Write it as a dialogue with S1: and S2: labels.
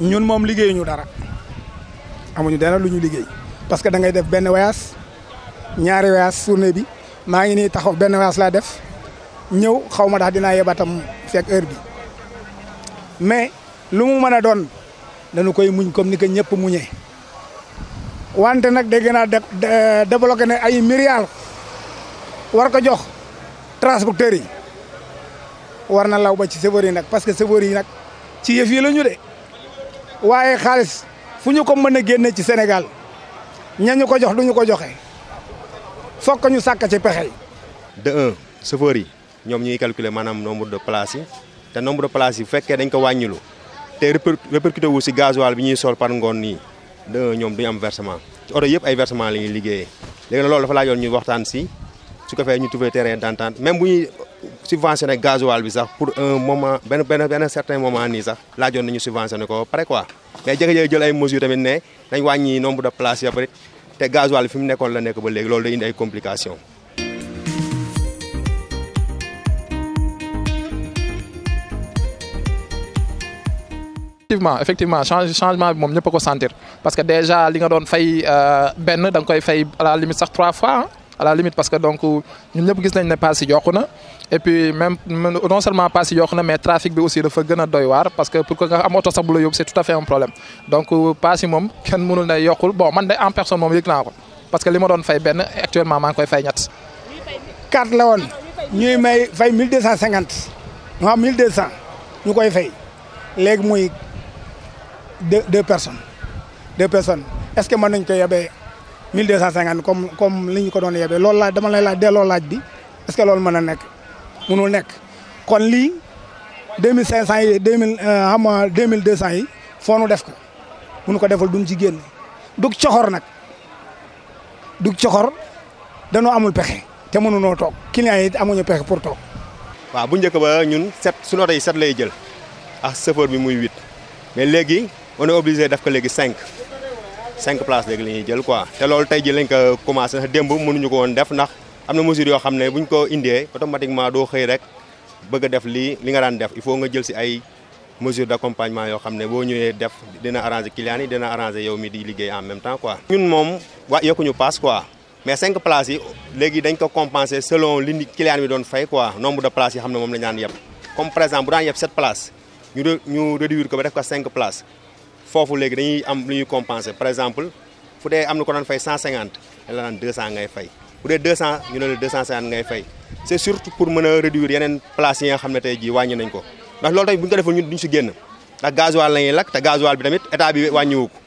S1: ñun liggéey ñu dara amuñu dara luñu liggéey parce que da ngay def ben voyage ñaari voyage journée bi ma ngi ni taxaw ben voyage la def ñew xawma ma dina yebatam fek heure bi mais lu mu mëna a dañu koy muñ comme ni ko ñepp muñé wante nak dégg développer ay war ko jox transporteur yi war na law ba ci chauffeurs nak parce que chauffeurs nak ci yef yi lañu waye xaliss fuñu ko mëna génné ci Sénégal ñañu ko jox duñu ko joxé fokk ñu sàkk ci pexe
S2: de 1 chauffeur yi ñom ñuy calculer manam nombre de places yi té nombre de places yi féké dañ ko wàññilu té répercuté wu ci gasoil bi ñuy sol par ngoon ni de ñom duñ am versement ci auto yépp ay versement la ñuy liggéeyee léegi nag dafa la yoon ñu waxtaan ci su ko fay ñu trouver terrain d'entente même bu ñuy subventionné gasoil bi sax pour un moment ben ben certain moment ni sax ko quoi mais ay mesures tamit dañ nombre de places ya le té fi mu la ba complications.
S3: effectivement effectivement changement bi sentir parce que déjà li a fait fay euh, donc, il à la limite trois fois hein à la limite parce que donc ñun ñëpp gis nañ ne pass yi yokku na et puis même non seulement pass yi yokku na mais trafic bi aussi dafa gëna doy war parce que pour que nga am auto sax bu la c'est tout à fait un problème donc pass yi moom kenn mënul ne yokkul bon man day en personne mom yëg ko parce que li ma doon fay ben actuellement maa ngi koy fay ñett.
S1: carte la won ñuy may fay 1250 ñu am 1200 ñu koy fay légui muy deux deux personnes deux personnes est-ce que man nañ ko yebee. 1250 comme comme li ñu ko doon yebee loolu laaj dama lay laaj delloo laaj bi est-ce que loolu mën a nekk mënul nekk kon lii 2500 yi 2000 euh, xam nga 2200 yi foo nu def ko munu ko defal duñ ci génn dug coxor nag dug coxor danoo amul pexe te noo toog clients yi amuñu pexe pour toog.
S2: waaw bu njëkk ba ñun set suñu oto set lay jël ak ah, chauffeur bi muy huit mais léegi on est def ko léegi cinq. cinq places léegi la ñuy jël quoi te loolu tey ji lañ ko commencé ndax démb ko woon def ndax am na mesure yoo xam ne buñ ko indee automatiquement doo xëy rek bëgg a def lii li nga daan def il faut nga jël si ay mesure d' yoo xam ne boo ñëwee def dina arranger clients yi dina arangé yow mi di liggéey en même temps quoi. ñun moom wa yokkuñu paas quoi mais cinq places yi léegi dañ ko compenser selon li ni client bi doon fay quoi nombre de places yi xam ne moom la ñu daan yeb comme ko ba ko cinq places. fofu léegi dañuy am luñu compenser par exemple fu dee am ko daan fay 150 la daan 200 ngay fay bu 200 ñu ne la 250 ngay fay c'est surtout pour mën a réduire yenen place yi nga xamné tay ji jii nañ ko ndax lool tay buñ ko défé ñun duñ ci génn ndax gasoil lañuy lak lakk gasoil bi tamit état bi wàññiwu ko